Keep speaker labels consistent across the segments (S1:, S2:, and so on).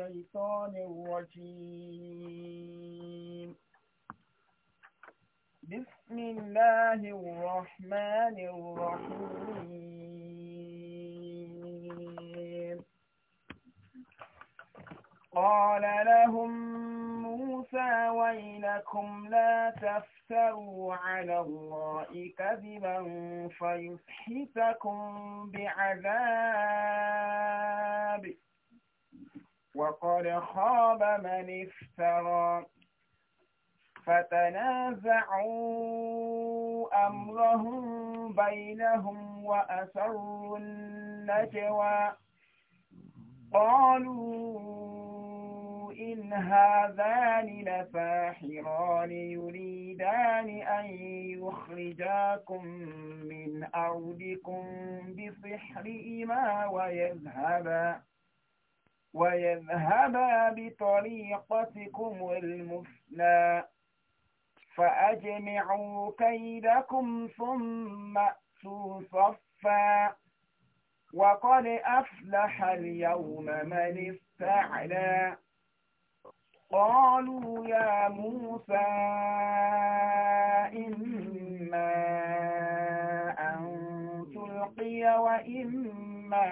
S1: الشيطان الرجيم بسم الله الرحمن الرحيم قال لهم موسى ويلكم لا تفتروا على الله كذبا فيسحتكم بعذاب وقد خاب من افترى فتنازعوا أمرهم بينهم وأسروا النجوى قالوا إن هذان لساحران يريدان أن يخرجاكم من أرضكم بسحرهما ويذهبا ويذهبا بطريقتكم المثلى فأجمعوا كيدكم ثم أتوا صفا وقد أفلح اليوم من استعلى قالوا يا موسى إما أن تلقي وإما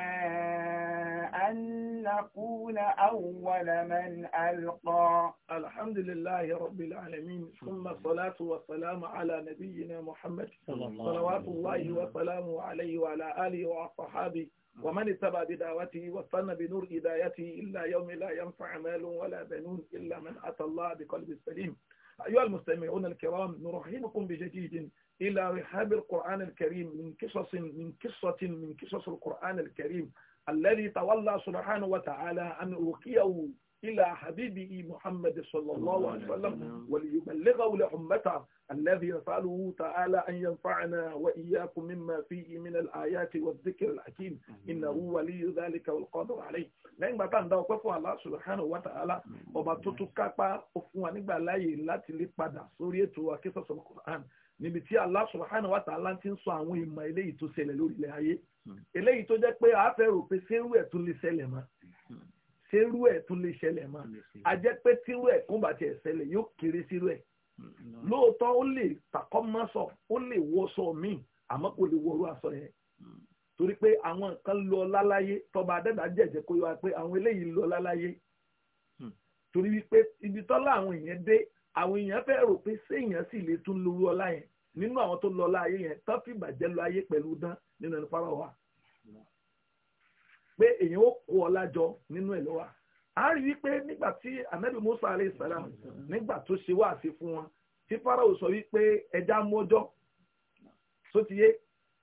S1: أن نكون
S2: أول من ألقى الحمد لله رب العالمين ثم الصلاة والسلام على نبينا محمد صلوات الله وسلامه عليه وعلى آله وأصحابه ومن اتبع بدعوته وصلنا بنور هدايته إلا يوم لا ينفع مال ولا بنون إلا من أتى الله بقلب سليم أيها المستمعون الكرام نرحبكم بجديد إلى رحاب القرآن الكريم من قصص من قصة من قصص القرآن الكريم alladhi tawalla subhanahu wa ta'ala an ruqiyahu إلى حبيبه محمد صلى الله عليه وسلم وليبلغه لأمته الذي يسأله تعالى أن ينفعنا وإياكم مما فيه من الآيات والذكر الحكيم إنه ولي ذلك والقادر عليه lẹ́yìn bàbá ǹda ọpẹ́ fún Allah subhanahu wa ta'ala ọba tó tún kápá ó fún wa nígbà láàyè láti lè padà sórí ètò akẹ́sọ̀sọ̀ Qur'an níbi tí Allah subhanahu wa ta'ala ti ń sọ àwọn ìmọ̀ eléyìí tó ṣẹlẹ̀ lórílẹ̀ ayé eléyìí tó jẹ́ pé a fẹ́ rò pé ṣerú ẹ̀ tún lè ṣẹlẹ̀ mọ́ ṣerú ẹ̀ tún lè ṣẹlẹ̀ mọ́ a jẹ́ pé tírú ẹ̀ kún bàtì ẹ̀ ṣẹlẹ̀ yóò kéré sírú ẹ̀ mm-hmm. lóòótọ́ ó lè takọ́ mọ́sọ̀ ó lè wọṣọ míì àmọ́ kò lè wọrú aṣọ yẹn mm-hmm. torí pé àwọn kan lọ láláyé tọba adẹ́dà jẹ̀jẹ̀ kó yọ pé àwọn eléyìí lọ láláyé mm-hmm. torí wípé ibi tọ́lá àwọn èèyàn dé àwọn èèyàn fẹ́ rò pé séèyàn sì lè tún lówó ọlá yẹn nínú àwọn tó lọ láàyè yẹn tó fi bàjẹ́ lọ ayé pẹ̀lú dán nínú ẹni fara wa pé èyàn ó kó ọlá jọ nínú ẹ̀ lọ́wọ́ a rí i nígbà tí anabi musa alayhi salam nígbà tó ṣe wáàsí fún wọn tí farao sọ wípé ẹja mú ọjọ́ sótìyé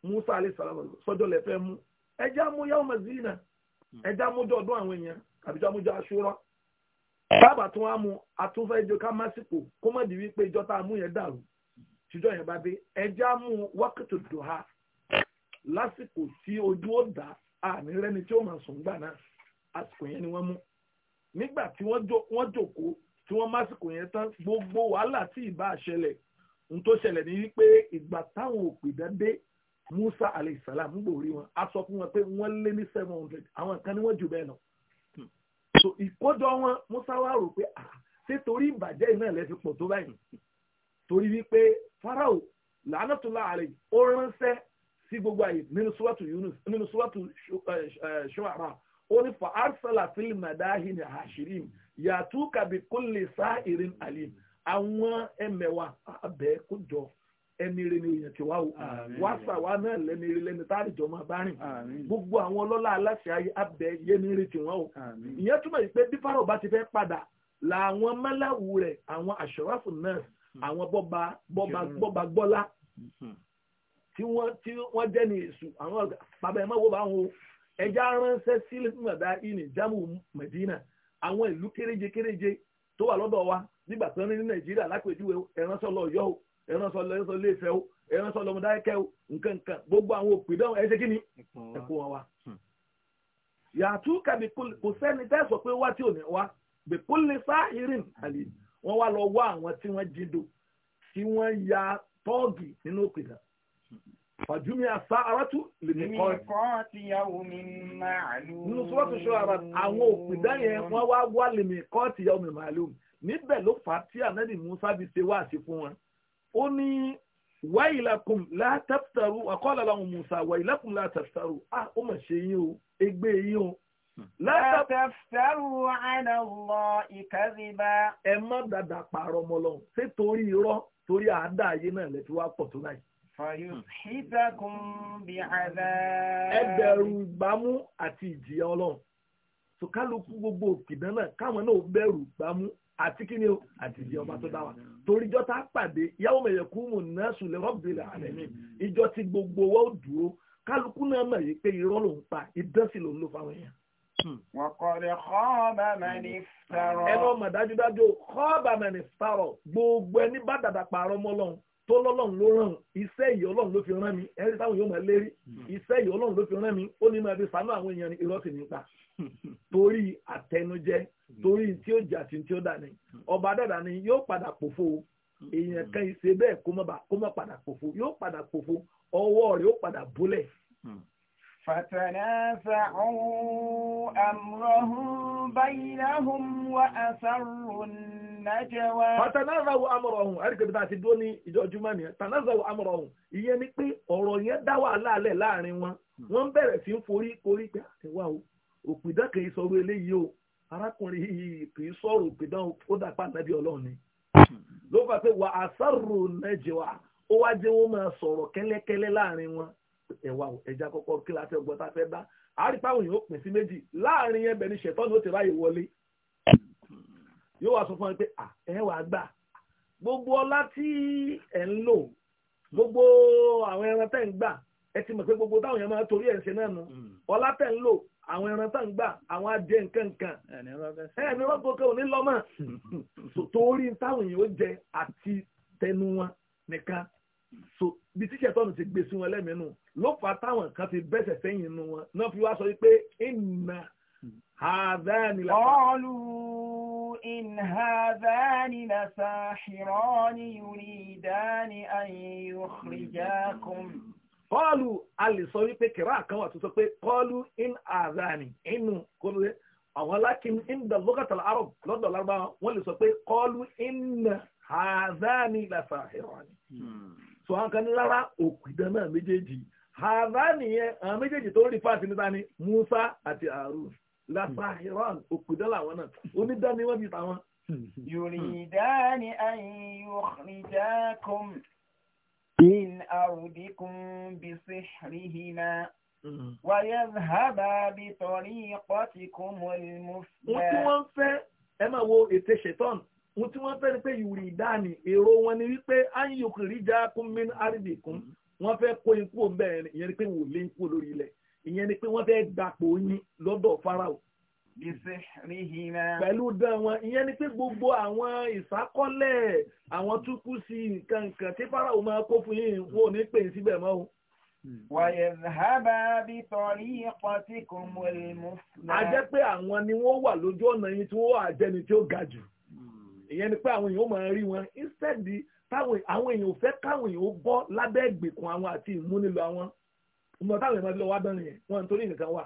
S2: musa alayhi salam sọjọ́ lẹ́fẹ́ mú ẹja mú yawma zina ẹja mú ọjọ́ ọdún àwọn èèyàn àbíjọ́ amújọ́ aṣúra bàbá tó wá mu àtúnfẹ́ ìjọ ká másìkò kó má di wípé ìjọ tá a mú yẹn dàrú tíjọ́ yẹn bá dé ẹja mú wákàtí dùhà lásìkò tí ojú ó dá àní rẹni tí ó máa sùn gbà náà àsìkò yẹn ni wọ́n mú nígbà tí wọ́n jókòó tí wọ́n másìkò yẹn tán gbogbo wàhálà tí ìbá ṣẹlẹ̀ n tó ṣẹlẹ̀ ní wípé ìgbà táwọn òpìdán dé Musa alayhisalaam ń gbòòrí wọn a sọ fún wọn pé wọ́n lé ní seven hundred àwọn kan ní wọ́n jù bẹ́ẹ̀ lọ so ìkójọ wọn Musa wá rò pé ah ṣé torí ìbàjẹ́ iná ẹ̀ lẹ́fi pọ̀ tó báyìí torí wípé farao lànàtúlá àrè ó ránṣẹ́ sí gbogbo àyè nínú súwátù Yunus nínú súwátù ṣọ́ara eh, eh, ó ní fa arsala fil madahin hashirin yàtúkà bi kulli sa'irin alim àwọn ẹmẹ̀wà abẹ́ kó jọ ẹni rẹ ni èèyàn ti wá o wá sàwa náà lẹni rẹ lẹni tá àrìjọ máa bá rìn gbogbo àwọn ọlọ́lá aláṣẹ ayé abẹ yẹni rẹ ti wọ́n o ìyẹn túmọ̀ yìí pé bí Fáráò bá ti fẹ́ padà làwọn mẹ́láwù rẹ̀ àwọn àṣọwáfù náà Hmm. àwọn bọ́ba bọ́ba bọ́ba gbọ́lá hmm. tí wọ́n tí wọ́n jẹ́ ní èṣù àwọn bàbá ẹ̀ má wo bá wọn o ẹja ránṣẹ́ sí mọ̀dá ìní jámù mẹ̀dínà àwọn ìlú kéréje kéréje tó wà lọ́dọ̀ wa nígbà tó ń rí ní nàìjíríà lápèjúwe ẹ̀ránṣọ́ lọ ọ̀yọ́ o ẹ̀ránṣọ́ lọ ẹ̀ránṣọ́ lé ìfẹ́ o ẹ̀ránṣọ́ lọ mọ̀dáyẹ́kẹ́ o nǹkan nǹkan gbogbo àwọn òpìdán ẹ ṣe kí ni ẹ̀kọ́ wọn wa. yàtú kàbí kò sẹ́ni tẹ́sọ̀ pé wá tí ò ní wá bẹ̀kúnlé sáà irin àlè wọ́n wá lọ wá àwọn tí wọ́n jindò tí wọ́n ya tọ́ọ̀gì nínú òkè náà fàjúmi àṣà aráàtú lè ní kọ́ nínú sọ́ọ̀tù ṣọ́ ara àwọn òpìdá yẹn wọ́n wá wá lè mí kọ́ ti ya omi màálùm níbẹ̀ ló fà á tí ànábì Musa fi ṣe wá àṣẹ fún wọn ó ní wáyìlákùn látàfẹ́rù àkọ́ọ̀lá làwọn Musa wáyìlákùn látàfẹ́rù ah ó mà ṣe yín o egbé yín o لا تفتروا على الله كذبا ẹ má dàdà pààrọ̀ mọ́ lọ́hùn ṣé torí irọ́ torí àádá ayé náà lè fi wá pọ̀ tó báyìí. fayusitakum bi
S1: azab. ẹ bẹ̀rù
S2: gbámú àti ìjìyà ọlọ́run tó kálukú gbogbo òkìdán náà káwọn náà bẹ̀rù gbámú àti kíni o àti ìjìyà ọba tó dá torí ìjọ tá a pàdé yàwó mẹ̀yẹ̀kú mọ̀ náà sùn lè rabbil alamin ìjọ tí gbogbo wa dúró kálukú náà mọ̀ yìí pé irọ́ ló ń pa ìdánsì ló ń lò fáwọn èèyàn. Wọ̀kọ̀rẹ̀ kọ́ọ̀bà mẹ́ni fẹ́rọ̀. Ẹ lọ mọ̀ dájúdájú kọ́ọ̀bà mẹ́ni fẹ́rọ̀ gbogbo ẹni bá dàda pààrọ̀ mọ́ lọ́hùn tó lọ́lọ́run ló ràn iṣẹ́ yìí ọlọ́run ló fi rán mi ẹni táwọn yóò máa lérí hmm. iṣẹ́ yìí ọlọ́run ló fi rán mi ó ní máa fi sànú àwọn èèyàn ní irọ́ sì ní pa torí àtẹnujẹ torí hmm. tí ó jà sí tí ó dà ní hmm. ọba dàda ni yóò padà pòfo èèyàn kan ìṣe bẹ́ẹ̀ kó má padà pòfo yóò padà pòfo ọwọ́ rẹ̀ yóò padà bólẹ̀
S1: فتنازعوا أمرهم بينهم وأسروا النجوى
S2: فتنازعوا أمرهم أريك بتاعت الدوني جمانية تنازعوا أمرهم ìyẹn ni pé ọ̀rọ̀ yẹn dá wàhálà alẹ́ láàrin wọn hmm. wọ́n ń bẹ̀rẹ̀ sí ń forí korí pé àtẹ̀wá o òpìdá kì í sọ̀rọ̀ o arákùnrin yìí kì í sọ̀rọ̀ òpìdá ó dàpá nàbí ọlọ́run ni hmm. ẹ̀wà ẹja kọ́kọ́ kí la fẹ́ gbọ́ tá a fẹ́ bá àárí páwọn èèyàn ó pín sí méjì láàrin yẹn bẹ̀ ni ṣẹ̀tọ́nù ó ti ráyè wọlé yóò wá sọ fún mi pé ẹ̀wà gbà gbogbo ọlá tí ẹ̀ ń lò gbogbo àwọn ẹran tẹ̀ ń gbà ẹ ti mọ̀ pé gbogbo táwọn èèyàn máa torí ẹ̀ ń ṣe náà nù ọlá tẹ̀ ń lò àwọn ẹran tá ń gbà àwọn adìẹ nkankan ẹni rọ́gbọ́n kan ò ní lọ́mọ̀ torí táwọn èèyàn ó jẹ àti tẹnu wọn nìkan bí tíṣẹ̀ tọ́nù ti gbé sí wọn lẹ́mìínú ló fà táwọn kan fi bẹ́sẹ̀ sẹ́yìn inú wọn náà fi wá sọ wípé ìnà àdáni la. ọ̀ọ́lù
S1: ìnhàdáni la sàhìrọ́ni yùrìdáni àyùkìrìjákùn.
S2: kọ́ọ̀lù a lè sọ wípé kẹ̀rọ kan wà tó sọ pé kọ́ọ̀lù ìnhàdáni inú kọ́ọ̀lù àwọn lákìn ìndà lókàtàlá arab lọ́dọ̀ lárúbáwá wọ́n lè sọ pé kọ́ọ̀lù ìnhàdáni la sàhìrọ́ni. Hmm. sọ wọn kan ní rárá òkùdán náà méjèèjì hàdá nìyẹn àwọn méjèèjì tó ń rí fáàtì níta ni Musa àti Harun lasahiran òkùdán làwọn náà onídàáni wọn ti tàwọn.
S1: yuridani an yukhrijakum min ardikum bisihrihima. ويذهبا بطريقتكم المفسدة wọ́n tí wọ́n
S2: fẹ́ ẹ máa wo ète ṣetán wọ́n tí wọ́n fẹ́ ni pé yorùdá ni èrò wọn ni wípé ayọ̀kùnrin já kún mí àrídìkún wọ́n fẹ́ kó yín kúrò ńbẹ̀ ìyẹn ni pé wò lé yín kúrò lórí ilẹ̀ ìyẹn ni pé wọ́n fẹ́ dàpọ̀ yín lọ́dọ̀ farao. pẹ̀lú dán wọn ìyẹn ni pé gbogbo àwọn ìsákọ́lẹ̀ àwọn túkú sí nǹkan tí farao máa kó fún yín wò ní pè é síbẹ̀ mọ́ o. Wàyẹ̀hábà bí tọ̀rí ipa tí kò mú ẹlẹ́mú. A jẹ́ pé àwọn ni wọ́n wà lójú ọ̀nà yín tí wọ́n wà jẹ́ni tí ó ga jù. Hmm. Ìyẹn ni pé àwọn èèyàn máa rí wọn. Instead táwọn àwọn èèyàn ò fẹ́ káwọn èèyàn ó bọ́ lábẹ́ ìgbèkùn àwọn àti ìmúnilò àwọn ọmọ táwọn èèyàn lọ wá dánrin yẹn wọn nítorí nìkan wà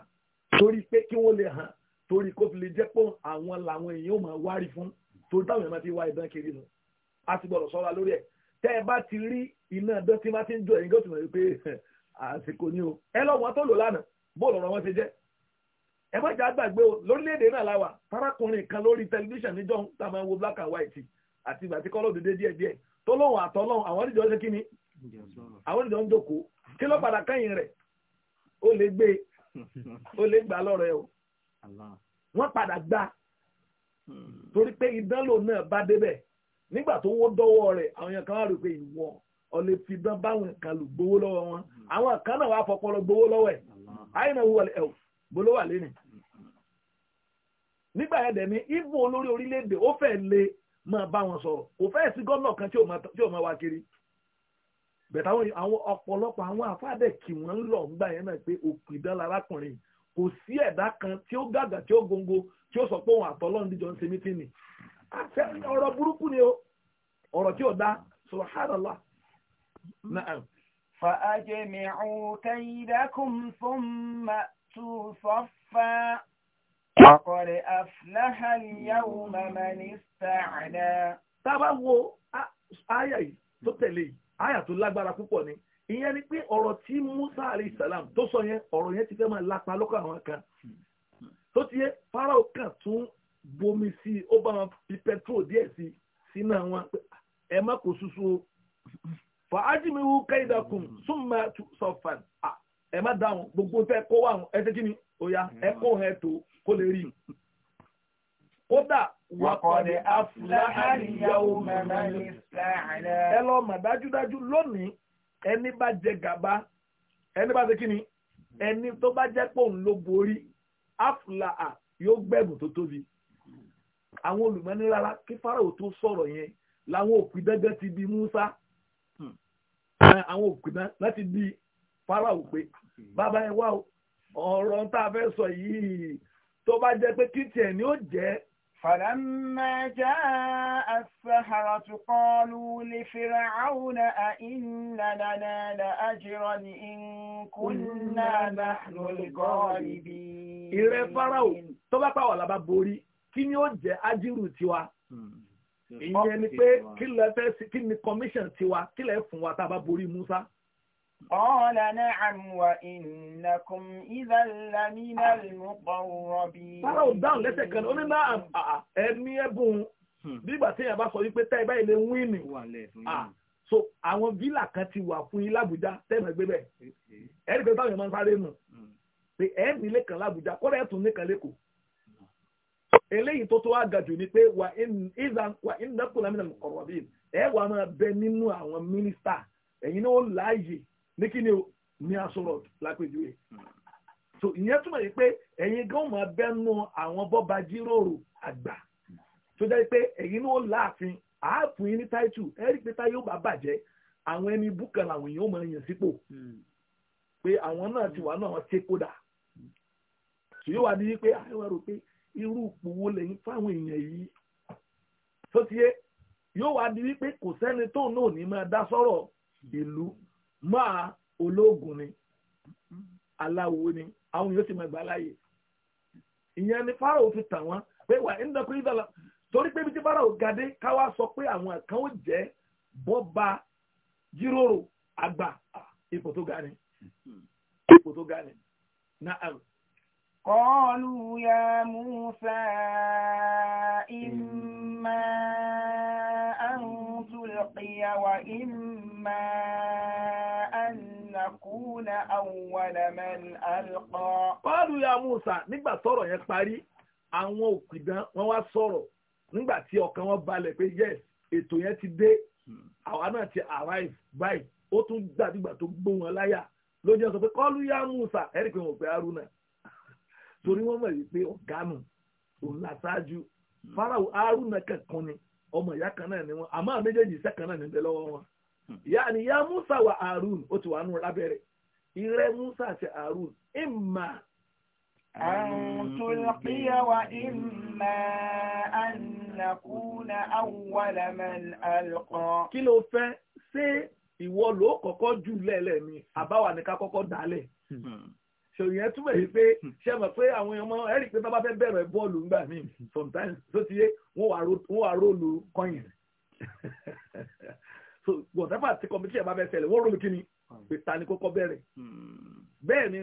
S2: torí pé kí wọ́n lè hàn torí kó fi lè jẹ́ pé àwọn làwọn èèyàn ò máa wárí fún torí táwọn èèyàn máa ti wá ìdán kiri nù a ti gbọ́dọ̀ sọ́ra lórí ẹ̀ tẹ́ ẹ bá ti rí iná ẹ̀dán tí má ti ń jó ẹ̀yìn gòtù náà wípé àsìkò ni o ẹ lọ́wọ́ tó lò lánàá bóòlù ọ̀rọ̀ wọn ti jẹ́ ẹ má jà gbàgbé o lórílẹ̀‐èdè náà láwà fárákùnrin kan lórí tẹlifíṣàn níjọ́ tá a máa wo black and white àti ìgbà tí kọ́lọ́ òdòdó díẹ̀díẹ̀ tọ́lọ́hùn àtọ́lọ́hùn àwọn ìjọ ṣe kí àwọn ìjọ ń kí ló padà kẹ́yìn rẹ̀ ó lè e. gbà lọ́rọ̀ o wọ́n padà gbà torí pé ìdánlò náà bá débẹ̀ nígbà tó wó dọ́wọ́ rẹ̀ àwọn èèyàn kan wá rò pé ìwọ ọ̀lẹ́ fi dán fọpọlọ gbowó lọ́wọ́ ẹ̀ wọlé ẹ̀ wà lẹ́nu nígbà yẹn dẹ̀ le máa bá wọn sọ̀rọ̀ kò fẹ́ẹ̀ sí gómìnà kan tí ò máa wá kiri bẹ̀tẹ̀ àwọn ọ̀pọ̀lọpọ̀ àwọn àfáàdẹ̀ kì wọ́n ń lọ gbà yẹn náà pé òpìdán larákùnrin kò sí ẹ̀dá kan tí ó gàgà tí ó gongo tí ó sọ pé òun àtọ́lọ́run díjọ ń ọ̀rọ̀ burúkú ni o ọ̀rọ̀ tí ò dá
S1: Ọ̀kọ̀rẹ̀ afláhàn yáwó màmá ní
S2: sàánà. Tábà wo àyà yìí tó tẹ̀lé yìí, tó lágbára púpọ̀ ni. Ìyẹn ni pé ọ̀rọ̀ tí Musa alayhi tó sọ yẹn, yẹn ti fẹ́ máa lápa àwọn Tó ti yẹ, tún bomi sí i, ó bá fi pẹtrol sí i sínú àwọn ẹ má kó susu o. mi wú kẹ́hìndàkùn, gbogbo kó wà kí ni? Ó yá, kó lè rí kódà wàkọ̀dẹ̀ afúláhàríyàwó mẹ́mẹ́lì sàárẹ̀. ẹ lọ mà dájúdájú lónìí ẹni bá jẹ gàba ẹni bá ṣe kí ni ẹni tó bá jẹ́ pé òun ló borí afúláhà yóò gbẹ̀bùn tó tóbi àwọn olùmọ́ni rárá kí fáráwò tó sọ̀rọ̀ yẹn làwọn òpìdángan ti bí Musa hmm. eh, àwọn òpìdán láti bí fáráwò pé bàbá ẹ wá ọ̀rọ̀ tá a fẹ́ sọ yìí tó bá jẹ́ pé kíntìẹ̀ ni ó jẹ́ فلما جاء السحرة قالوا لفرعون
S1: أئن لنا لأجرا إن كنا
S2: نحن الغالبين ìrẹ Fáráò tó bá pa wà lábá borí kí ni ó jẹ́ ájírù tiwa hmm. ìyẹn ni pé kí ni commission tiwa kí lẹ fún wa tá a bá borí Musa. قال نعم وإنكم
S1: إذا لمن المقربين.
S2: ní náà hmm. So àwọn fílà kan ti wà fún yín lábújá gbé bẹ̀. Ẹ̀rí pé táwọn èèyàn sáré nù. Hmm. Pé ẹ̀ ní ilé kan lábújá kọ́ra ní kan lẹ́kọ̀ọ́. Eléyìí tó tó wá ga jù ni pé wà ìnákùnlámínà kọ̀rọ̀ bíi ẹ̀ wà máa bẹ nínú àwọn mínísítà ẹ̀yin náà ó láàyè ní kí ni o ní aṣọ rọ lápèjúwe so ìyẹn túmọ̀ yìí pé ẹ̀yin gan máa bẹ́nu àwọn bọ́ba jíròrò àgbà tó jẹ́ pé ẹ̀yin ló láàfin àápù yín ní táìtù ẹ̀rí pé táyé ó bá bàjẹ́ àwọn ẹni búkan làwọn èèyàn máa yàn sípò hmm. pé àwọn náà ti wà náà ṣe kódà tí yóò wá ní pé àwọn rò pé irú ipò wo lẹ́yìn fáwọn èèyàn yìí tó ti yé yóò wá ní wípé kò sẹ́ni tó náà ní máa dá sọ́rọ̀ ìlú máa ológun ni aláwo ni àwọn yóò ti máa gbà láàyè ìyẹn ni fi tàn wọn pé wà ń dọ̀kú ìdọ̀lá torí pé ibi tí fáráò káwá sọ pé àwọn kan ó ah, na àrùn.
S1: قالوا يا
S2: موسى
S1: إما أن تلقي وإما أن nàkúnà àwọnàmẹ́ni
S2: àlùkò. Pàálù ya Musa nígbà tọ̀rọ̀ yẹn parí àwọn òpìdán wọn wá sọ̀rọ̀ nígbà tí ọkàn wọn balẹ̀ pé yes ètò yẹn ti dé àwa náà ti arrive báyìí ó tún gbàdúgbà tó gbó wọn láyà ló pé kọ́lù ya Musa ẹ̀rí pé wọn ò pé Haruna torí wọn mọ̀ wípé ọ̀gánù nù òun làṣáájú hmm. farao haruna kankan ni ọmọ ìyá kan náà ni wọn àmọ́ méjèèjì iṣẹ́ kan náà níbẹ̀ lọ́wọ́ wọn hmm. ìyá ni ìyá musa wa arun ó ti wà nù lábẹ́rẹ́ ìrẹ́ musa àti arun ìmà. àwọn kí ló fẹ́ ṣé ìwọ ló kọ́kọ́ jù lẹ́lẹ̀ mi àbáwá ni ká kọ́kọ́ dálẹ̀. Hmm. sòyìn túmọ̀ yìí pé ṣe mọ̀ pé àwọn ọmọ ẹ̀rì pé bá bá fẹ́ bẹ̀rẹ̀ bọ́ọ̀lù ńgbà míì sometimes tó ti yé wọ́n wà róòlù kọ́yìn so whatever ti competition bá fẹ́ ṣẹlẹ̀ wọ́n róòlù kíni pé ta ni kókó bẹ̀rẹ̀ bẹ́ẹ̀ ni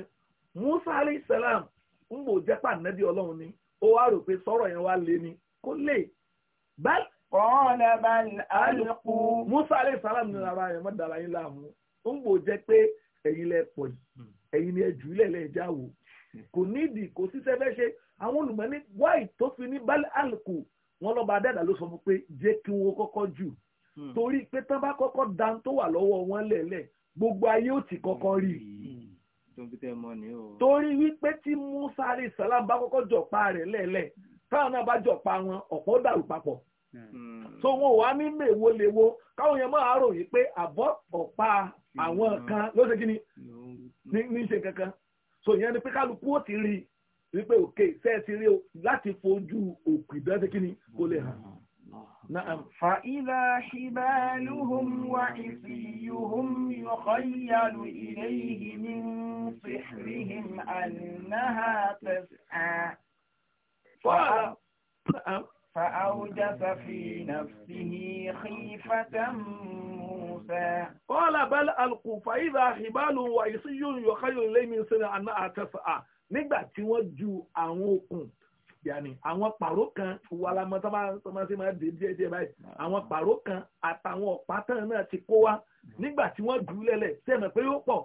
S2: Musa alayhi salam ń bò jẹ́pà nẹ́bí ọlọ́run ni ó wá rò pé sọ̀rọ̀ yẹn wá lé ni kó lè bá. kọ́ọ̀lẹ́ bá alùpù. Musa alayhi salam ní ara yẹn mọ́ dara yín láàmú ń bò jẹ́ pé ẹ̀yin lẹ pọ̀ yìí ẹ̀yin ni ẹ̀jú lẹ́lẹ̀ ẹ̀já wò kò nídìí kò sí sẹ́fẹ́ ṣe àwọn olùmọ̀ ní wáì tó fi ní bal alku wọn lọ́ba adẹ́dà ló sọ fún pé jẹ́ kí wọn kọ́kọ́ jù hmm. torí pé tán bá kọ́kọ́ dan tó wà lọ́wọ́ wọn lẹ̀lẹ̀ gbogbo ayé ò ti kọ́kọ́ rí
S1: hmm.
S2: torí wípé tí Musa alayhi salam bá kọ́kọ́ jọ̀pá rẹ̀ lẹ̀lẹ̀ táwọn náà bá jọ̀pá wọn ọ̀pọ̀ dàrú papọ̀
S1: hmm.
S2: so wọn wà ní mèwo lewo káwọn yẹn máa rò yìí pé àbọ̀ ọ̀pá àwọn kan ló ṣe kí ni ní ṣe kankan so ìyẹn ni pé kálukú ó ti rí wípé òkè ṣe é ti rí o láti fojú òkú ìdánṣe kí ni kó lè hàn. فإذا حبالهم
S1: وعصيهم يخيل إليه من سحرهم أنها تسعى فأوجس في نفسه خيفة
S2: موسى قال بل ألقوا فإذا حبال وعصي يخيل إليه من سنعها تسعى nígbà tí wọ́n ju àwọn okùn yàní àwọn pàró kan wà lámọ tó máa ṣe máa dé díẹ̀ díẹ̀ báyìí àwọn pàró kan àtàwọn ọ̀pá tán náà ti kó wá nígbà tí wọ́n dùú lẹ́lẹ̀ tí ẹ̀mọ̀ pé yóò pọ̀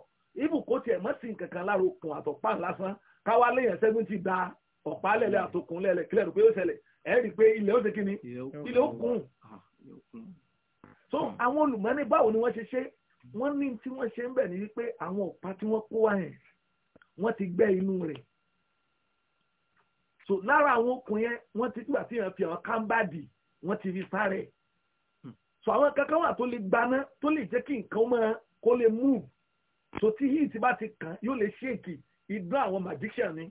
S2: ibùkó tiẹ̀ mọ́ sí nǹkan kan lára okùn àtọ̀pá lásán káwá léèyàn sẹ́gun ti da ọ̀pá lẹ́lẹ̀ àtòkùn lẹ́lẹ̀ kílẹ̀ rò pé yóò ṣẹlẹ̀ ẹ̀ rí i pé ilẹ̀ ó ṣe kí ni ilẹ̀ ó kùn so hmm. àwọn olùmọ́ni báwo ni wọ́n ṣe ṣe wọ́n ní tí wọ́n ṣe ń bẹ̀ ní wípé àwọn ọ̀pá tí wọ́n kó wá yẹn wọ́n ti gbẹ́ inú rẹ̀ so lára àwọn okùn yẹn wọ́n ti gbà tí yẹn fi hàn kámbàdì wọ́n ti fi sáré hmm. so àwọn kankan wà tó lè gbaná tó lè jẹ́ kí nǹkan máa kó lè move so tí yìí ti bá ti kàn yóò lè ṣèkì ìdán àwọn magician ni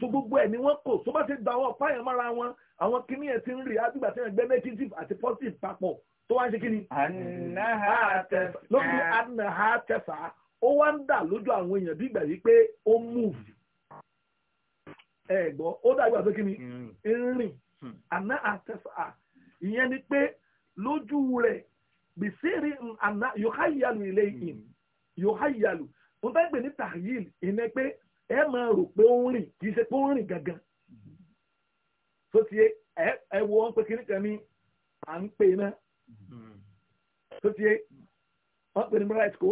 S2: so gbogbo ẹ̀ ni wọ́n kò tó bá ti gba àwọn ọ̀pá yẹn mọ́ra wọn àwọn kìnìyàn ti ń rí àdúgbà tí wọ́n gbẹ́ negative àti positive papọ̀ tó wá ń ṣe kí ni. lórí anaha tẹfà ó wá ń dà lójú àwọn èèyàn bí ìgbà wípé ó múùfù ẹ gbọ́ ó dàgbà pé kí ni mm. ń hmm. anaha tẹfà ìyẹn ni pé lójú rẹ̀ bìsírí àná yòháyàlù ilé ìn yòháyàlù mo bá ń pè ní tahil ìyẹn pé ẹ máa rò pé ó ń rìn kì í ni ní à tó ti yé wọ́n pè ní bright co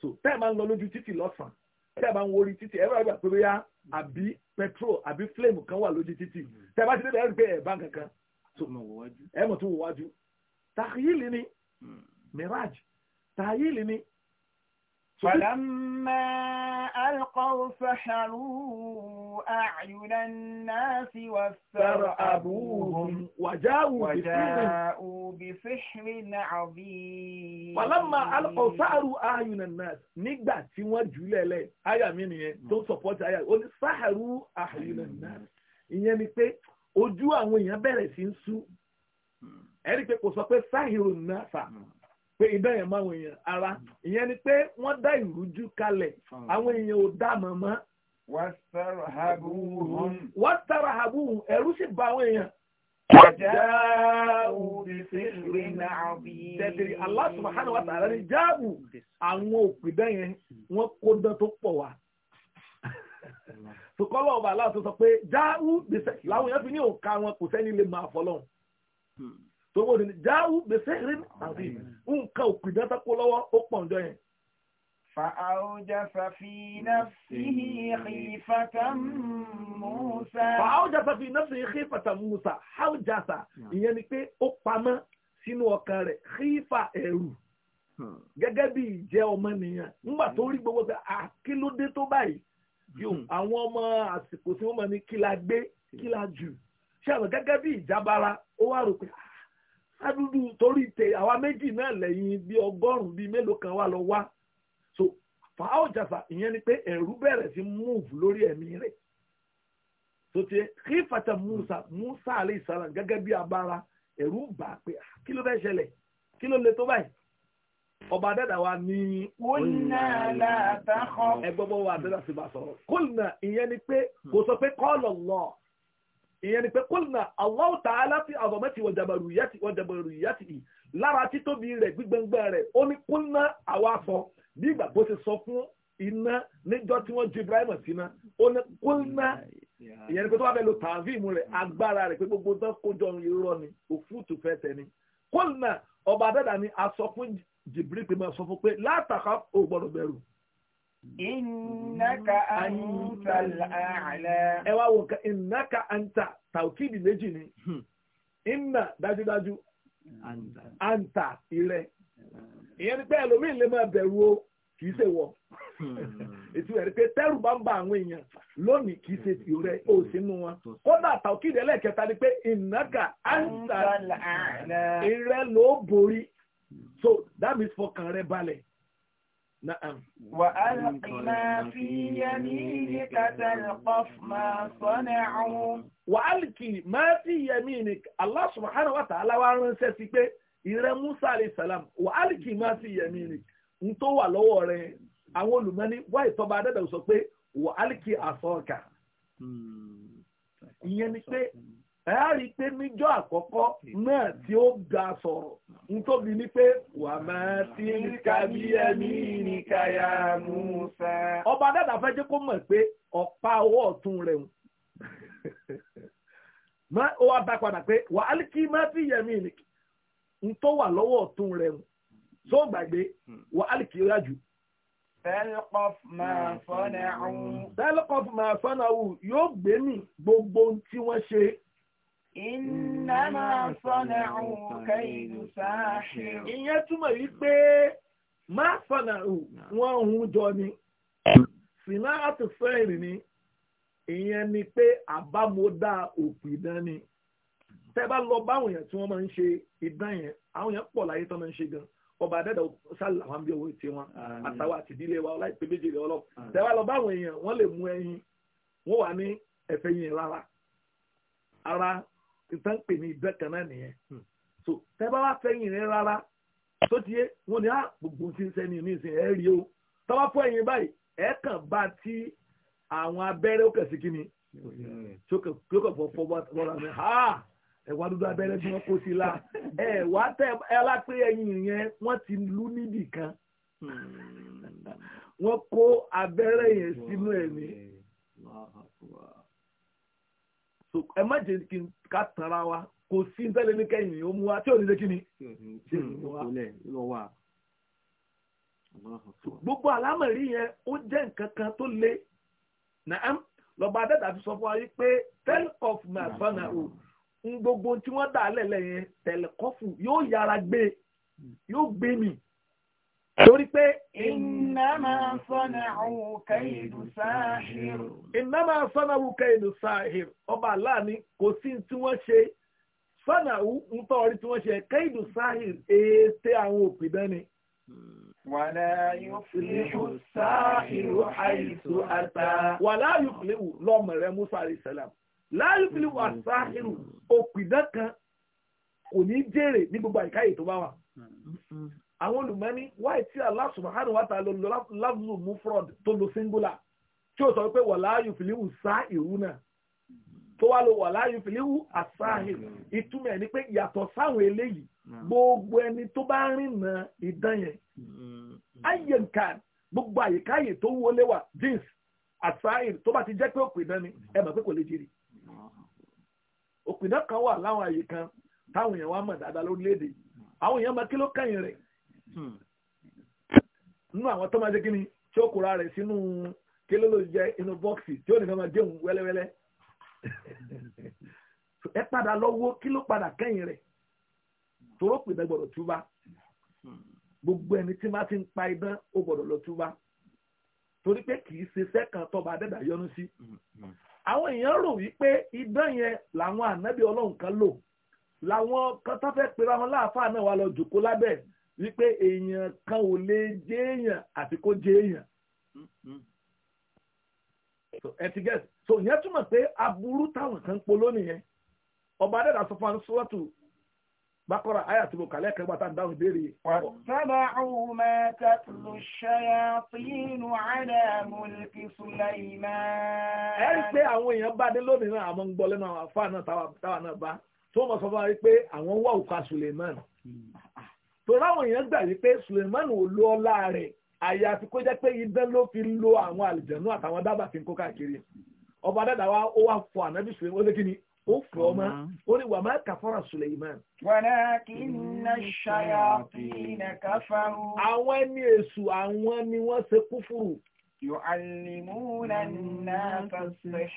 S2: so tẹ́ ẹ̀ máa ń lọ lójú títì lọ́sàn-án tẹ́ ẹ̀ máa ń wo orí títì ẹ̀ bá gbà pé bóyá àbí petrol àbí flame kan wà lójú títì tẹ́ ẹ bá ti dé bẹ̀rẹ̀ pé ẹ̀ bá kankan so ẹ̀ mọ̀ tó wọ́n wájú tàkìyìlì ni hmm. mirage tàyìlì ni فلما ألقوا
S1: سحروا أعين الناس واسترأبوهم
S2: وجاءوا, وجاءوا
S1: بسحر عظيم
S2: فلما ألقوا سحروا أعين الناس nígbà tí wọ́n jùlẹ̀ lẹ̀ àyà mi nìyẹn hmm. tó support àyà ó ní سحروا أعين الناس ìyẹn ni pé ojú àwọn èèyàn bẹ̀rẹ̀ sí ń sú hmm. ẹ̀rí pé kò sọ pé sáhìrò náà fà hmm. pé idán yẹn máwọn èèyàn ara ìyẹn ni pé wọ́n dá ìrújú kalẹ̀ hmm. àwọn èèyàn ò dá mọ́ wọ́n tara àbúhùn ẹ̀rú sì bà àwọn èèyàn. Jáàbù tẹ̀sí Allah subhanahu wa ta'ala ni jáàbù àwọn yẹn wọ́n kó dán tó pọ̀ wá. Sùkọ́lọ̀ ọba sọ pé jáàbù làwọn yẹn fi ní òǹkà wọn kò sẹ́ni lè tọwọ́ ni jáwù gbèsè rí àbí nǹkan òkùnjẹ́ tó kó lọ́wọ́ ó pọ̀ ǹjọ́ yẹn. فأوجس في نفسه
S1: خيفة موسى
S2: فأوجس في نفسه خيفة موسى أوجس ìyẹn ni pé ó pamọ́ sínú ọkàn rẹ̀ خيفة ẹ̀rù hmm. gẹ́gẹ́ bí ìjẹ́ ọmọnìyàn nígbà tó rí gbogbo pé àkílódé ah, tó báyìí yóò hmm. àwọn ọmọ àsìkò tí wọ́n mọ̀ ní gbé kí la jù ṣé àwọn gẹ́gẹ́ bí ìjábára ó wá adúdú torí tè àwa méjì náà lẹ́yìn bíi ọgọ́rùn-ún bíi mélòó kan wà lọ wá so fàáwọ̀ jàfà ìyẹn ni pé ẹ̀rú bẹ̀rẹ̀ sí move lórí ẹ̀mí rẹ̀ tó ti kí fata musa musa alayhi salam gẹ́gẹ́ bí abara ẹ̀rú bà pé ah, kí ló fẹ́ ṣẹlẹ̀ kí ló le tó báyìí ọba dẹ́dà wa ni kúlnà látàkọ́. ẹgbọ́n bọ́ wa dẹ́dà sì bá sọ̀rọ̀ kúlnà ìyẹn ni pé kò sọ pé kọ́ọ̀lọ̀ lọ́ọ̀ ìyẹn ni pé kólínà Allahu Ta'ala fi azamati wa jabaruyati wa jabaruyati lára títóbi rẹ̀ gbígbẹ́ngbẹ́ rẹ̀ ó ní kólínà àwa sọ bí ìgbà bó ti sọ fún iná níjọ́ tí wọ́n ju Ibrahim síná ó ní kólínà ìyẹn ni pé tó bá fẹ́ lo tààfíìmù rẹ̀ agbára rẹ̀ pé gbogbo tó kójọ irọ́ ni òfúùtù fẹ́ tẹ̀ kólínà ọba dada ni a sọ fún Jibril pé máa sọ fún pé látàkà ò bẹ̀rù innaka anta al'a'la ewa wo ka innaka anta taukidi meji ni inna daju daju anta ile iye ni pe elomin le ma beru o ki se wo etu eri pe teru ba n ba awon eyan loni ki se ti re o si nu wa kódà taukidi eleketa ni pe innaka anta ile lo bori so that means fọkàn rẹ balẹ̀. نعم وألق ما في يمينك تلقف ما صنعوا وألق ما في يمينك الله سبحانه وتعالى وارنسẹ́ sí pé ìrẹ Musa alayhi salam وألق ما في يمينك ń tó wà lọ́wọ́ rẹ àwọn olùmọ́ni wá ìtọ́ba adẹ́dàá sọ pé وألق عصاك ìyẹn ni pé ẹ á rí i pé níjọ́ àkọ́kọ́ náà tí ó ga sọ̀rọ̀ ń tóbi pé wà máa ti ń ka bí ẹni nìka ya Musa. ọba dàdà fẹ́ jẹ́ kó mọ̀ pé ọ̀pá ọwọ́ ọ̀tún rẹ̀ ń. ó wá bá padà pé wà á kí má ti yẹ mí nìkì ń tó wà lọ́wọ́ ọ̀tún rẹ̀ ń. sọ gbàgbé wà á kí ó jù.
S1: Tẹ́lẹ̀kọ́f máa sọ́nà
S2: ọ̀hún. Tẹ́lẹ̀kọ́f máa sọ́nà ọ̀hún yóò gbé mi gbogbo ohun tí wọ́n ṣe
S1: Ìnáná
S2: sọ́nà òun kẹ́yìn sáàṣẹ́. Ìyẹn túmọ̀ wípé máa sọ́nà wọn òun jọ ni. Sìnà àtúnfẹ́rì ni. Ìyẹn ni pé àbámọ́dá òpìdán ni. Tẹ́ bá lọ báwọn èèyàn tí wọ́n máa ń ṣe idán yẹn, àwọn èèyàn pọ̀ láyé tán máa ń ṣe gan. Ọba àdẹ́dà sálì làwọn bí owó ti wọn. Àtàwọn àtìdílé wa ọláìpé méjèèrè ọlọ́. Tẹ́ bá lọ báwọn èèyàn, Ara nǹkan pè ní ìbẹ́ kan náà nìyẹn so tẹ́ bá wá fẹ́yìn rẹ rárá tó ti yé wọn ah, ni á gbogbo ti ń sẹ́ni ní ìsìn ẹ̀ rí o tọ́ bá fọ́ ẹ̀yìn báyìí ẹ̀ kàn bá ti àwọn abẹ́rẹ́ ó kẹ̀ sí kíni tó kẹ̀ fọ́ fọ́ bọ́ra mi ha ẹ̀wà dúdú abẹ́rẹ́ tí wọ́n kó sí la ẹ̀wà tẹ alápẹ́ ẹ̀yìn yẹn wọ́n ti lú níbì kan wọ́n kó abẹ́rẹ́ yẹn sínú ẹ̀mí ẹ má jẹ́ kí n ká tanra wa kò sí ntẹ́lẹ̀ ní kẹ́yìn ó mú wa tí ò ní lé ni. Mm-hmm. gbogbo àlámọ̀rí yẹn ó jẹ́ nǹkan kan tó le naam lọ́ba adẹ́dà ti sọ fún wa yìí pé tell of my banner o n gbogbo tí wọ́n dà á lẹ̀lẹ̀ yẹn tẹ̀lẹ̀kọ́fù yóò yára gbé yóò gbé mi. Torí pé, Ìnáma sọ́nàwò kẹ́ìlú sáàhìrù. Ìnáma sọ́nàwò kẹ́ìlú sáàhìrù. Ọba aláàní kò sí tí wọ́n ṣe. Sọ́nàwò ń tọ́ orí tí wọ́n ṣe kẹ́ìlú sáàhìrù ète àwọn òpìdán ni. Wàlá yóò fìlíhù sáàhìrù àìsù àtà. Wàlá yóò fìlíhù lọ́mọ rẹ̀ Musa àrísàlám. Láyò fìlíhù àsáàhìrù òpìdán kan kò ní jèrè ní gbogbo àyíká yìí tó bá wà àwọn olùmọ́ni wáyé tí Allah subhanahu wa ta'ala lọ lafzu mufrad tó lo singular tí ó sọ pé wàlá yòfìlíwù sá ìrú náà tó wá lo wàlá yòfìlíwù àsáhìn ìtumọ̀ ẹ̀ ni pé yàtọ̀ sáwọn eléyìí gbogbo ẹni tó bá rìnà ìdán yẹn
S1: mm-hmm.
S2: ayé nǹkan gbogbo àyíkáyè tó wọlé wà jeans àsáhìn tó bá ti jẹ́ pé òpin náà ni ẹ mọ̀ pé kò lè jèrè òpin náà kan wà láwọn àyè kan táwọn èèyàn wá mọ̀ dáadáa lórílẹ̀‐èdè àwọn èèyàn máa kí ló kẹ́yìn Hmm. nínú àwọn tó máa jẹ́ kíni tí ó kóra rẹ̀ sínú kíló ló jẹ́ inú bọ́ọ̀sì tí ó nìkan máa jẹun wẹ́lẹ́wẹ́lẹ́ ẹ padà lọ wo padà kẹ́yìn rẹ̀ pè bẹ́ẹ̀ gbọ́dọ̀ gbogbo ẹni tí máa ti ń pa idán ó gbọ́dọ̀ lọ túbá torí pé kì í ṣe sẹ́kàn adẹ́dà sí àwọn èèyàn rò wípé idán kan lò làwọn kan tó fẹ́ wọn láàfáà náà wípé èèyàn kan ò lè jẹ́ èèyàn àti kó jẹ́ èèyàn. Mm-hmm. ẹ ti gẹ́sì so ìyẹn túmọ̀ pé aburú táwọn kan polo nìyẹn ọba adẹ́dà sọ fún anúṣọ́tù bákọ́ra àyà tí mo kà lẹ́ẹ̀kan gbà tá à ń dáhùn ìbéèrè. واتبعوا
S1: ما تتلو الشياطين على ملك سليمان.
S2: ẹ rí i pé àwọn èèyàn bá dé lónìí náà àwọn ń gbọ́ lẹ́nu àwọn afáà náà táwa náà bá tó mọ̀ sọ fún wa pé àwọn ń wá òkà Suleiman. Mm. torí àwọn èèyàn gbà wípé Suleiman ò lo ọlá rẹ̀ àyàfi kó jẹ́ fi lo àwọn àlìjẹ̀nú àtàwọn dábàá fi ń kó ọba dàdà wa ó wà fọ ànábì Suleiman ó lé kíni ó fọ ọmọ ó ní wà má kàfọ́rà Suleiman. walakinna shayatina kafaru. àwọn ẹni èṣù àwọn ni wọn ṣe àwọn ni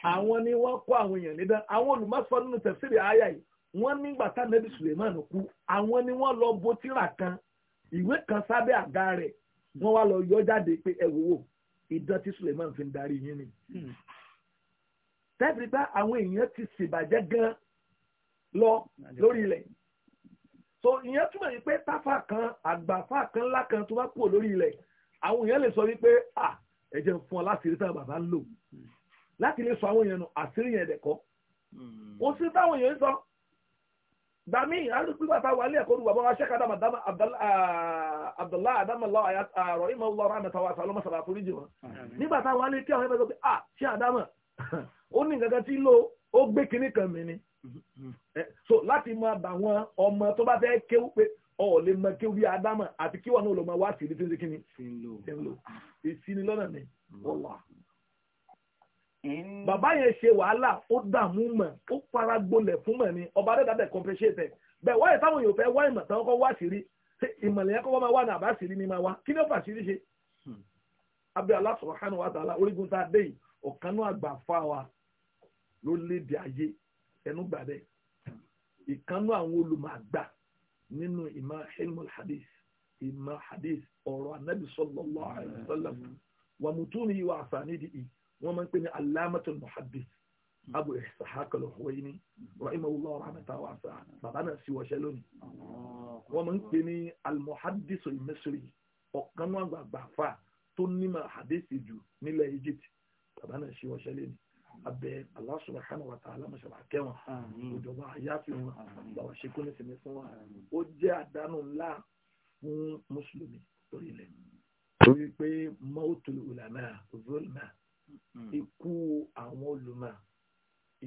S2: àwọn èèyàn nídán àwọn olùmọ̀sọ́ nínú tẹ̀síìrì àyà yìí wọ́n nígbà tá nẹ́bí Suleiman kú àwọn ni wọ́n lọ bo tírà kan ìwé kan sábẹ́ àga rẹ̀ wọ́n wá lọ yọ jáde pé ẹ wò ó ìdán tí Suleiman fi ń darí yín ni. Hmm. tẹ́tí bá àwọn èèyàn ti ṣèbàjẹ́ gan lọ lórí ilẹ̀ so ìyẹn túmọ̀ yìí pé táfà kan àgbàfà kan ńlá kan tó bá kúrò lórí ilẹ̀ àwọn èèyàn lè sọ wípé ah ẹ jẹ́ fún ọ láti rí táwọn bàbá ń lò hmm. láti lè sọ àwọn èèyàn nù àṣírí yẹn dẹ̀kọ́ hmm. kò sí táwọn èèyàn ń sọ gbàmí alùpùpù àtàwọn alẹ́ ẹ̀kọ́ olùwàbọ̀ wa ṣẹ́ka dáma dáma abdullahi adamala àrọ̀ ìmọ̀ ọlọ́rọ̀ àmẹ́ta wa sàlọ́mọ́ sàlá àforíjì wọn nígbà táwọn alẹ́ kí àwọn ẹgbẹ́ sọ pé à ṣé àdámà ó ní nǹkan kan tí ló ó gbé kinní kan mi ni mm-hmm. eh, so láti máa bá wọn ọmọ tó bá fẹ́ kéwú pé ọ lè mọ kéwú bí àdámà àti kíwọ́n náà ló máa wá sí ilé tí ó ń ṣe kinní ìsinilọ́nà ni mm. wọ́n bàbá yẹn ṣe wàhálà ó dààmú mọ̀ ó fara gbolẹ̀ fún mọ̀ ni ọba adẹ́dàdẹ̀ compensate ẹ̀ bẹ́ẹ̀ wáyé táwọn èèyàn fẹ́ wá ìmọ̀ táwọn kọ́ wá sírí ìmọ̀lẹ̀ yẹn kọ́kọ́ máa wà ní àbá sírí ni máa wá kí ni ó fà sírí ṣe hmm. abẹ́ Allah subhanahu wa ta'ala orígun tá a dé yìí ọ̀kanú àgbà fa wa ló léde ayé ẹnu gbà bẹ́ẹ̀ ìkanú àwọn olùmọ̀ nínú ìmọ̀ ilmul hadith ìmọ̀ hadith ọ̀rọ̀ anabi sallallahu alaihi wasallam wàmùtúni wa wọ́n máa ń pè ní alamatul muhaddis hmm. abu ishaq al-huwaini rahimahullah rahmatan wasa bàbá náà sì wọṣẹ lónìí wọ́n máa ń pè ní al-muhaddis al-misri ọ̀kan wọn gbàgbà fà tó nímọ̀ hadith jù nílẹ̀ egypt bàbá náà sì wọṣẹ lónìí abẹ Allah subhanahu wa ta'ala kẹwọn òjọba àyàfi wọn bàbá ṣekú ní sinmi fún wa ó jẹ́ àdánù ńlá fún mùsùlùmí lórí ilẹ̀ hmm. torí pé mọ́tò ìlànà zulma Hmm. ikú àwọn olùmọ̀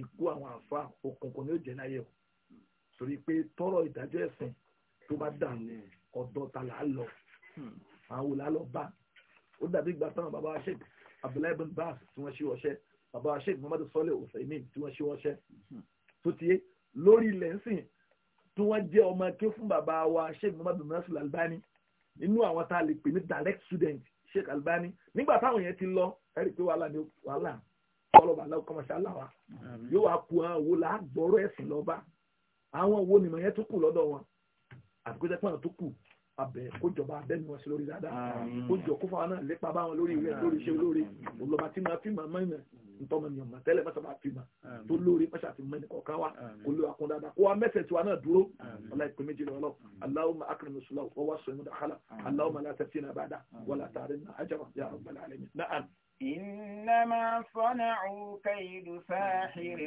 S2: ikú àwọn àfa òkùnkùn ni ó jẹ́ o hmm. torí pé tọrọ ìdájọ́ ẹ̀sìn tó bá dà ní ọ̀dọ̀ ta là á lọ hmm. àwọn wò là á lọ bá ó dàbí ìgbà táwọn bàbá wa Sheikh Abdullahi bin Baz tí wọ́n ṣe ọṣẹ́ bàbá wa Sheikh Muhammadu Sọ́lẹ̀ Usaimin tí wọ́n ṣe ọṣẹ́ tó tiẹ̀ lórí ilẹ̀ ńsìn tí wọ́n jẹ́ ọmọ ké fún bàbá wa Sheikh Muhammadu Nasir Albani nínú àwọn tá a lè pè ní direct student Sheikh Albani nígbà táwọn yẹn ti lọ ẹ̀rí pé wàhálà ni wàhálà kọlọ́ba aláwọ̀ kọ́mọ̀ṣẹ́ aláwa yóò wá ku àwọn wo là á gbọ́rọ̀ ẹ̀sìn lọ́ba àwọn wo nìmọ̀ yẹn tó kù lọ́dọ̀ wọn àtúkọ́jẹ́ pọ́n tó kù abẹ kójọba abẹ́ni wọn sí lórí dáadáa kójọ kófà wọn náà lépa bá lórí ìwé lórí iṣẹ́ olóore olùlọ́ba tí máa fi máa mọ́ ìmọ̀ ntọ́mọ mi ọ̀mọ̀ tẹ́lẹ̀ mẹ́ta bá fi mọ̀ tó lóore pẹ́sà fi mọ́ ẹnìkan ká wa kó lóra kún dáadáa kó wa mẹ́sẹ̀ tiwa náà dúró ọlá ìpè méjì lọ́wọ́ Allahumma akrim musulaw wa wá sọ ìmúdàkálà Allahumma la taftina ba'da wa la ta'rinna ajra ya rabbal alamin na'am إنما
S1: صنعوا كيد ساحر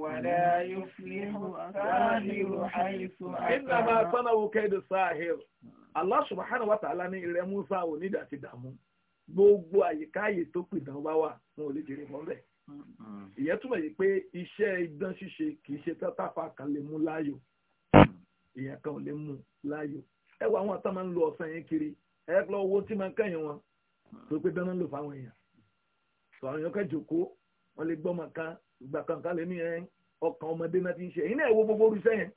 S1: ولا يفلح الساحر حيث أتى إنما
S2: صنعوا كيد ساحر الله سبحانه وتعالى ta'ala ní ilẹ̀ Musa ò ní ìdàtí dààmú gbogbo àyíká ààyè tó pè dán bá wà wọn ò lè jèrè fún bẹ́ẹ̀. ìyẹn túmọ̀ yìí pé iṣẹ́ idán ṣíṣe kì í ṣe tátàfà kan lè mú láàyò ìyẹn kan ò lè mú láàyò ẹ wọ àwọn àtàwọn máa ń lo ọ̀sán yẹn kiri ẹ lọ wo tí máa ń kẹ́yìn wọn tó pé dáná lò fáwọn èèyàn sọ àwọn èèyàn kẹjọkó wọn lè gbọmọ kan ìgbà kankan lè ní ẹn ọkàn ọmọdé náà ti ń ṣe èyí náà wo gbogbo orúṣẹ yẹn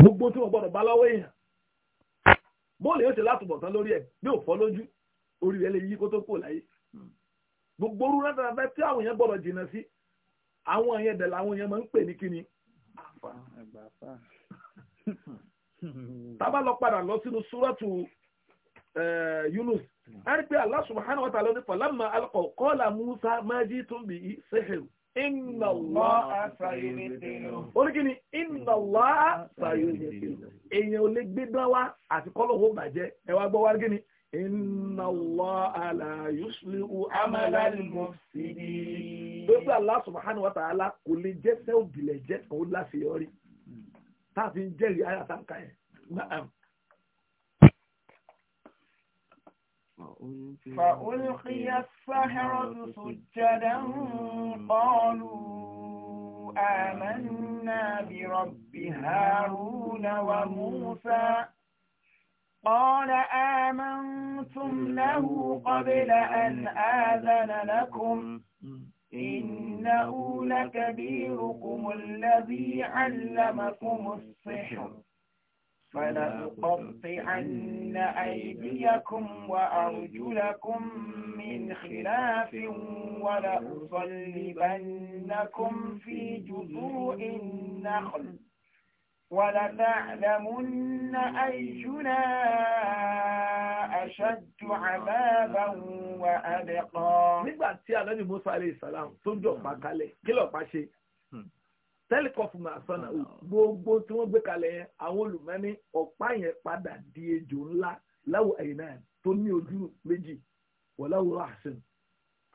S2: gbogbo tí wọn gbọ́dọ̀ bá lọ́wọ́ èèyàn bóòlù yóò ṣe látùbọ̀ tán lórí ẹ̀ bí ò fọ́ lójú orí rẹ̀ lè yí kó tó kò láyé gbogbo orú rántàràfẹ́ tí àwọn èèyàn gbọ́dọ̀ jìnnà sí àwọn èèyàn dẹ̀ làwọn èèyàn máa ń pè ní kíni tábà lọ padà lọ sínú súrọ́tù eh, Yunus a rí pé Allah subhanahu wa ta'ala ní falamma alqaw qala Musa ma jitum bihi sihr inna Allah
S1: sayunitiru.
S2: Orí kí ni inna Allah sayunitiru. Èèyàn ò lè gbé dán wá àti kọ́lọ́wọ́ bàjẹ́. Ẹ wá gbọ́ wá kí ni. Inna Allah la yuslihu amala al-mufsidin. Gbogbo Allah subhanahu wa ta'ala kò lè jẹ́sẹ́ òbílẹ̀ jẹ́ kò láṣeyọrí. Táàfin jẹ́rìí ayàtà ń ka yẹn.
S1: فألقي السحرة
S2: سجدا
S1: قالوا آمنا برب هارون وموسى قال آمنتم له قبل أن آذن لكم إنه لكبيركم الذي علمكم السحر فلنقطعن أيديكم وأرجلكم من خلاف ولأصلبنكم في جذوع النخل
S2: ولتعلمن أينا أشد عذابا وأبقى. nígbà tí Ànábì Mùsá alayhi salam tó ń jọ pa tẹ́lẹ̀kọ̀fù máa sọnà gbogbo tí wọ́n gbé kalẹ̀ yẹn àwọn olùmọ́ni ọ̀pá yẹn padà di ejò ńlá láwọ̀ ẹ̀yìn náà tó ní ojú méjì wọ́n láwùrọ̀ àṣẹ.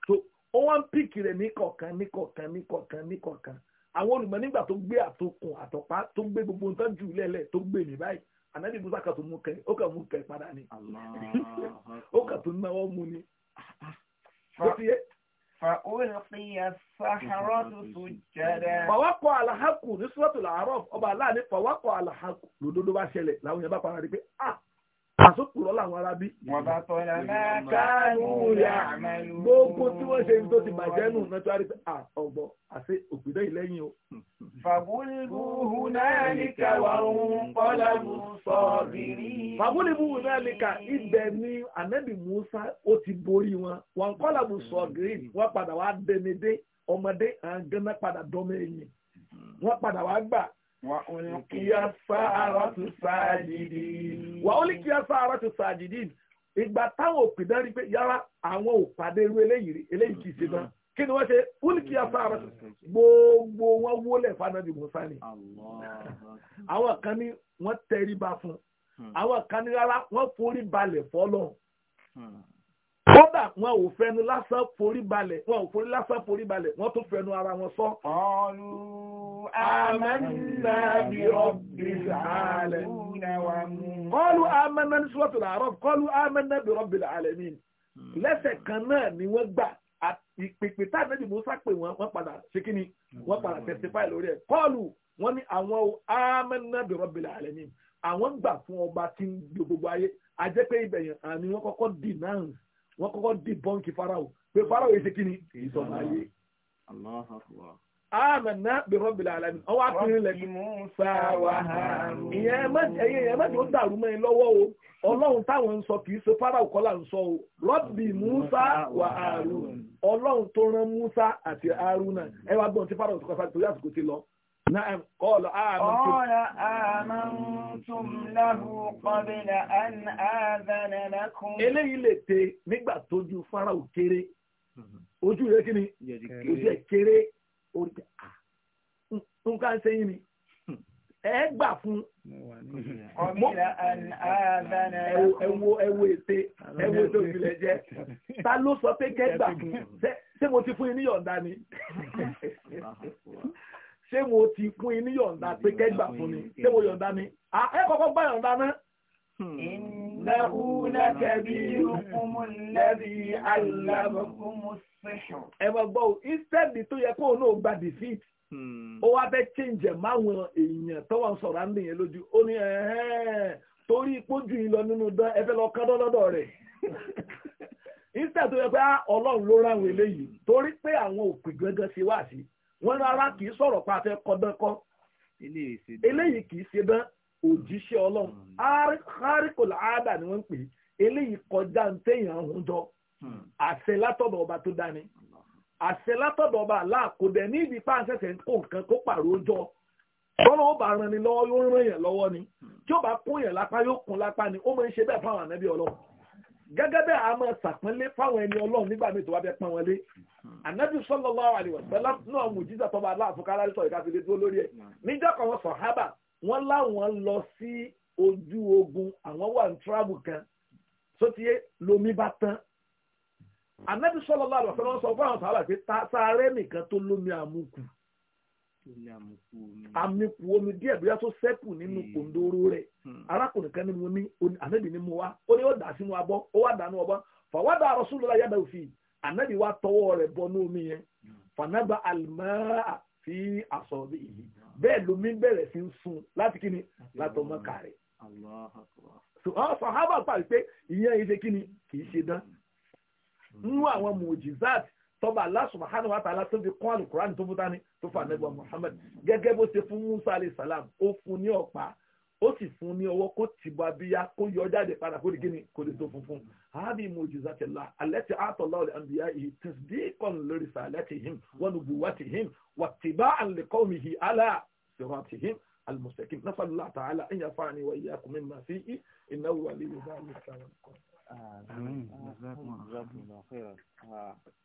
S2: so ó wá ń píkì rẹ̀ níkọ̀ọ̀kan níkọ̀ọ̀kan níkọ̀ọ̀kan níkọ̀ọ̀kan àwọn olùmọ̀ nígbà tó gbé àtòkùn àtọ̀pá tó gbé gbogbo nǹkan jù lẹ́lẹ̀ tó gbé mi báyìí ànábì musa kà tó mú kẹ ó kà mú kẹ padà ni ó kà tó náwó mú ni. Ah, ah. فألقي السحرة سجدا فوقع على حقه ní Suratul A'raf ọba aláàánú fọwọ́pọ̀ àlàhàkù lòdòdó bá ṣẹlẹ̀ làwọn bá para rí pé ah àsopùrọ̀ làwọn arábí. wọ́n bá tọ́lá máa káàánú rẹ̀ àmàlú. gbogbo tí wọ́n ṣe tó ti bàjẹ́ nù náà tó a rí pé ọgbọ́n àti òpìdẹ́ ìlẹ́yìn o. fàbúlìbùhù náà nìkà wà ń kọ́lá mú sọ̀bìrì. fàbúlìbùhù náà nìkà ibẹ̀ ni ànábì Musa ó ti borí wọn wọn kọ́lá mú sọ̀bìrì wọ́n padà wá dẹnidé ọmọdé àgànnà padà dọ́mọ Wàhùnìkíyà sáárátù sáàjìdì. Wàhùnìkíyà sáárátù sáàjìdì. Ìgbà táwọn òpìdán rí pé yára àwọn òpàdé irú eléyìí eléyìí kì í ṣe náà. Mm. Kí ni wọ́n ṣe? Wùnìkíyà sáárátù. Mm. Gbogbo wọn wólẹ̀ fanabi Musa ni. Àwọn kan ní wọ́n tẹríba fún. Mm. Àwọn kan ní rárá wọ́n forí balẹ̀ fọ́lọ́run kódà wọn ò fẹnu lásán forí balẹ̀ wọn ò forí lásán forí balẹ̀ wọn tún fẹnu ara wọn sọ. ọ̀nù amẹ́nà bí rọ́bì làálẹ̀. kọ́lù amẹ́nà ní sọ́tò làárọ̀ kọ́lù amẹ́nà bí rọ́bì làálẹ̀ mi. lẹ́sẹ̀ kan náà ni wọ́n gbà ìpèpè tá àbẹ́jì musa pè wọ́n wọ́n padà ṣe kí ni wọ́n padà testify lórí ẹ̀ kọ́lù wọ́n ní àwọn amẹ́nà bí rọ́bì làálẹ̀ mi àwọn gbà fún ọba tí gbogbo ayé àjẹpẹ́ ibẹ̀ yẹn àní wọ́n kọ́kọ́ denounce wọ́n kọ́kọ́ dì bọ́ǹkì farao pé farao yìí ṣe kí ni kì í sọ máa yé. Àmàna bẹ̀rọ̀ bìlà àlàmì, ọwọ́ àfihàn lẹ́nu. Ìyẹn ẹ̀yẹ mẹ́tì ó dàrú mẹ́rin lọ́wọ́ o. Ọlọ́run táwọn ń sọ kìí ṣe Fáráò kọ́lá ń sọ o. Rọ́bì Musa wà Harun. Ọlọ́run tó rán Musa àti Haruna. Ẹ wá gbọ́n tí Fáráò ti kọ́ sáré torí àsìkò ti lọ. نعم قال آمنتم قال
S1: آمنتم له قبل أن آذن لكم eléyìí
S2: lè tẹ nígbà tójú Fáráò kéré ojú rẹ̀ kíni ojú ẹ̀ kéré orí ẹ̀ nǹkan ṣe yín ni ẹ gbà fún ẹwo ẹwo ète ẹwo ète òfìlẹ̀ jẹ́ ta ló sọ pé kẹ́ gbà fún ṣé mo ti fún yín ní yọ̀ǹda ni. ṣé mo ti pín in ní yọ̀ǹda pé kẹ́gbà fún mi ṣé mo yọ̀ǹda ni ẹ kọ́kọ́ gbà yọ̀ǹda náà. Ẹ máa gbọ́ o, instead tó yẹ kó o náà gba defeat, ó wá fẹ́ change ẹ̀ èèyàn tó wà ń sọ̀rọ̀ á ń dìyẹn lójú. Ó ní torí nínú dán ẹ fẹ́ lọ lọ́dọ̀ rẹ̀ instead tó yẹ pé ah, ọlọ́run ló ráwọn eléyìí torí pé àwọn òpè ṣe wá sí i wọ́n rárá kì í sọ̀rọ̀ pa àfẹ́ kọ́dánkọ́ eléyìí kì í ṣe dán òjíṣẹ́ ọlọ́run hmm. harikul ada ni wọ́n ń pè eléyìí kọjá ń téèyàn ń jọ hmm. àṣẹ látọ̀dọ̀ ọba tó dání àṣẹ látọ̀dọ̀ ọba aláàkódẹ ní ibi pa àṣẹṣẹ kó nǹkan kó pààrọ̀ jọ bọ́lá ó bá ran ni lọ́wọ́ yóò ràn yàn lọ́wọ́ ni hmm. tí ó bá kún yàn lápá yóò kún lápá ni ó máa ń ṣe bẹ́ẹ̀ fáwọn ànábì ọlọ́run gẹ́gẹ́ bẹ́ẹ̀ a máa sàpọ́nlé fáwọn ẹni ọlọ́run nígbà míì tó wá bẹ́ pọ́n wọn lé anabi sallallahu alaihi wasallam náà mùjísà tọ́ba aláàfọkàrà sọ ìkàfilé tó lórí ẹ̀ níjọ́ kan wọn sàhábà wọn láwọn lọ sí ojú ogun àwọn wà ní tíráàbù kan sótìyé lomi bá tán anabi sallallahu alaihi wasallam sọ fún àwọn sàhábà pé sáré nìkan tó lómi àmukù àmì kù omi díẹ̀ bí wọ́n tó sẹ́kù nínú hmm. kòndóró rẹ̀ hmm. arákùnrin kan ní mo ànábì ní mo wá ó ní ó dà sínú abọ́ ó wá dànù ọbọ̀ fàwádà Rasulullah yàda òfin ànábì wá tọwọ́ rẹ̀ bọ́ ní omi hmm. fanaba fi aṣọ yìí bẹ́ẹ̀ lomi bẹ̀rẹ̀ sí ń sun láti kíni látọmọ kàrẹ́ sọ̀hábà pàrí pé ìyẹn ìṣe kì í ṣe dán àwọn tó fà nẹ́gbà Muhammad gẹ́gẹ́ bó ṣe fún Musa alayhi salam ó fún ní ọ̀pá ó sì fún ní ọwọ́ kó tì bá bíyá kó yọ jáde padà kó di gíní kó di tó funfun hábì mu'jizatullah allati a'ta Allahu li-anbiya'ihi tasdiqan li risalatihim wa nubuwwatihim wattiba'an li qawmihi ala siratihim al-mustaqim نسأل الله تعالى أن ينفعني وإياكم مما فيه إنه ولي ذلك والقادر.
S1: آمين. جزاكم الله
S2: خيرا.